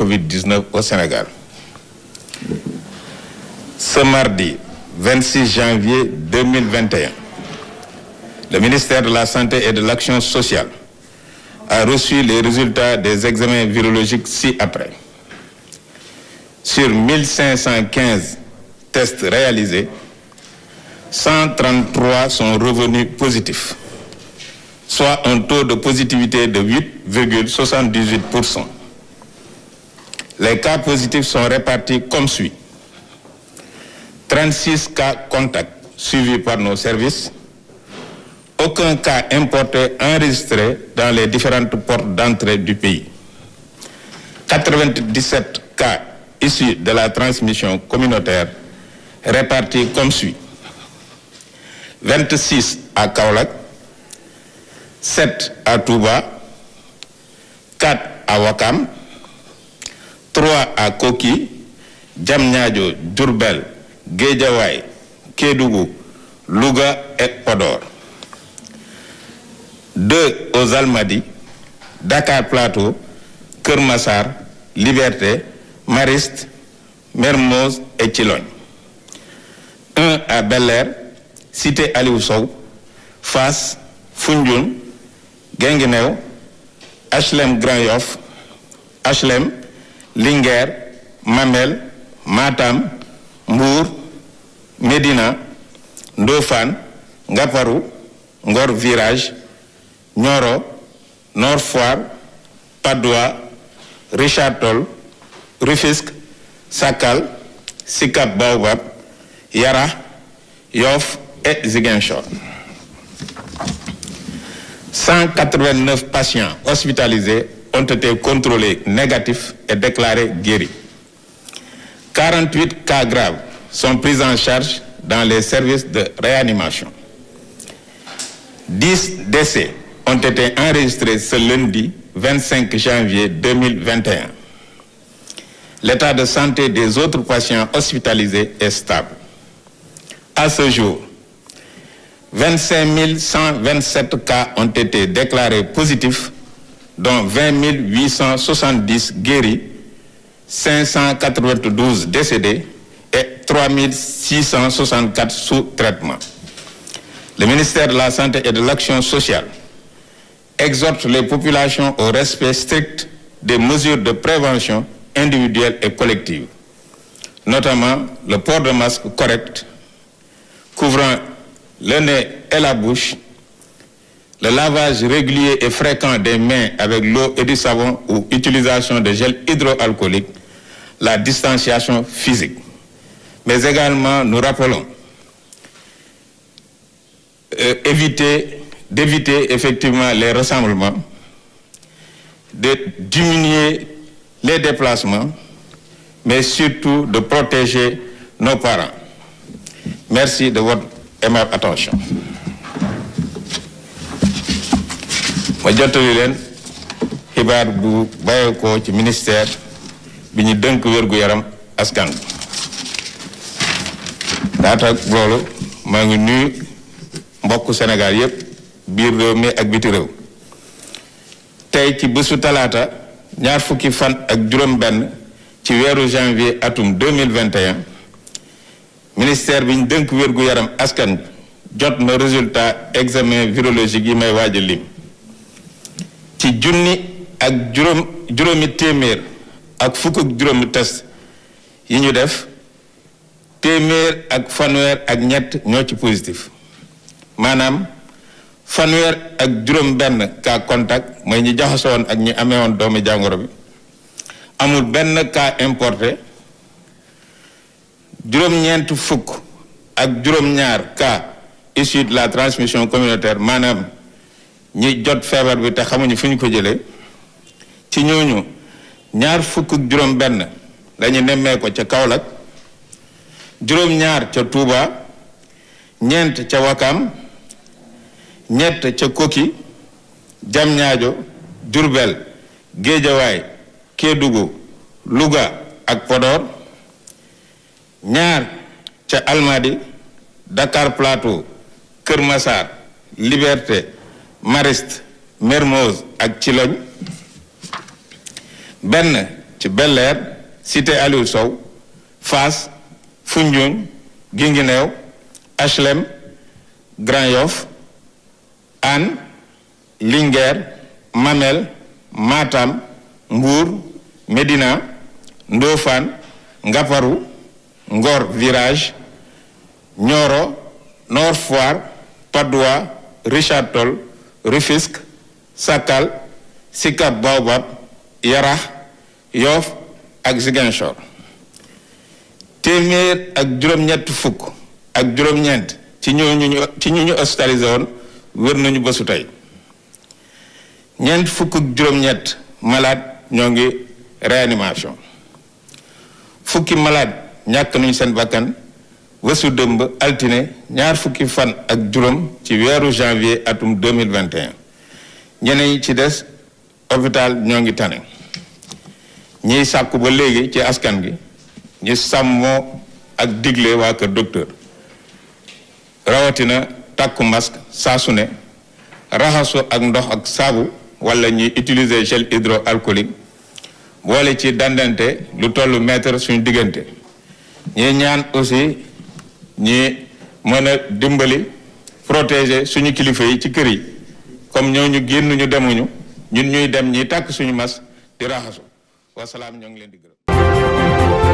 Covid-19 au Sénégal. Ce mardi 26 janvier 2021, le ministère de la Santé et de l'Action sociale a reçu les résultats des examens virologiques ci-après. Sur 1515 tests réalisés, 133 sont revenus positifs, soit un taux de positivité de 8,78 Les cas positifs sont répartis comme suit. 36 cas contacts suivis par nos services. Aucun cas importé enregistré dans les différentes portes d'entrée du pays. 97 cas issus de la transmission communautaire répartis comme suit. 26 à Kaolack, 7 à Touba, 4 à 3 à Koki Diamniadio Diourbel Guédiawaye Kédougou Louga et Podor 2 aux Almadies Dakar Plateau Keur Massar Liberté Mariste Mermoz et Thilogne 1 à Cité Aliou Sow Fass Foundiougne Guinguinéo HLM Grand Yoff HLM Linguère Mamel Matam Mbour Médina Ndofane Ngaparou Ngor Virage Nioro Nord Foire Patte d'Oie Richard Toll Rufisque Sakal Sicap Baobab Yara Yoff et Ziguinchor patients hospitalisés ont été contrôlés négatifs et déclarés guéris. 48 cas graves sont pris en charge dans les services de réanimation. 10 décès ont été enregistrés ce lundi 25 janvier 2021. L'état de santé des autres patients hospitalisés est stable. À ce jour, 25 127 cas ont été déclarés dont 20 870 guéris, 592 décédés et 3 664 sous traitement. Le ministère de la Santé et de l'Action sociale exhorte les populations au respect strict des mesures de prévention individuelles et collectives, notamment le port de masque correct, couvrant le nez et la bouche le lavage régulier et fréquent des mains avec l'eau et du savon ou utilisation de gel hydroalcoolique, la distanciation physique. Mais également, nous rappelons euh, éviter d'éviter effectivement les rassemblements, de diminuer les déplacements, mais surtout de protéger nos parents. Merci de votre aimable attention. ma jottali leen xibaar bu bàyyeekoo ci ministère bi ñu dënk wér-gu-yaram askan laata loolu maa ngi nuyu mbokk senegal yépp biir réew mi ak biti réew tey ci bésu talaata ñaar fukki fan ak juróom-benn ci weeru janvier atum 2021 ministère bi ñu dënk wér-gu-yaram askan jot na résultat examen virologique yi may waaj a lim ci junni ak juróom juróomi téeméer ak fukk ak juróomi test yi ñu def téeméer ak fanweer ak ñett ñoo ci positif maanaam fanweer ak juróom benn cas contact mooy ñi jaxasoon ak ñi ameewoon doomi jàngoro bi amul benn kaa importé juróom-ñeent fukk ak juróom-ñaar cas issus la transmission communautaire maanaam ñi jot feebar bi te xamuñu fi ñu ko jële ci ñooñu ñaar fukk ak juróom benn lañu nemmee ko ca Kaolack juróom ñaar ca Touba ñeent ca Wakam ñett ca Koki Diamniadio jurbel Guédiawaye Kédougou Louga ak Podor ñaar ca Almadi Dakar Plateau Kër Massar Liberté Mariste Mermoz ak Ciloñ benn ci Bel Air cité Aliou Sow Fass Foundiougne Guinguinéo HLM Grand Yoff Hann Linguère Mamel Matam Mbour Médina Ndofane Ngaparou Ngor Virage Nioro Nord Foire Richard Toll Rufisque Sakal sikat Baobab Yarax yoof ak Ziguinchor téeméer ak juróom-ñett fukk ak juróom-ñeent ci ñooñu ñu ci ñu ñu woon wér nañu bésu tey ñeent fukk ak juróom-ñett malade ñoo ngi réanimation fukki malaat ñàkk nañu seen bakkan wësu dëmb altine ñaar fukki fan ak juróom ci weeru janvier atum 2021 ñeneen ñi ci des hôpital ñoo ngi tane ñiy sàkku ba léegi ci askan gi ñi sàmmoo ak digle waa kër docteur rawatina takku masque saa su ne raxasu ak ndox ak saabu wala ñuy utiliser gel hydroalcoolique boole ci dandante lu tollu mètre suñ diggante ñuy ñaan aussi ñi mën a dimbali protéger suñu kilifa yi ci kër yi ñoo ñu génn ñu demuñu ñun ñuy dem ñi tàkk suñu mas di raxasu wasalaam ñoo ngi leen di gërëm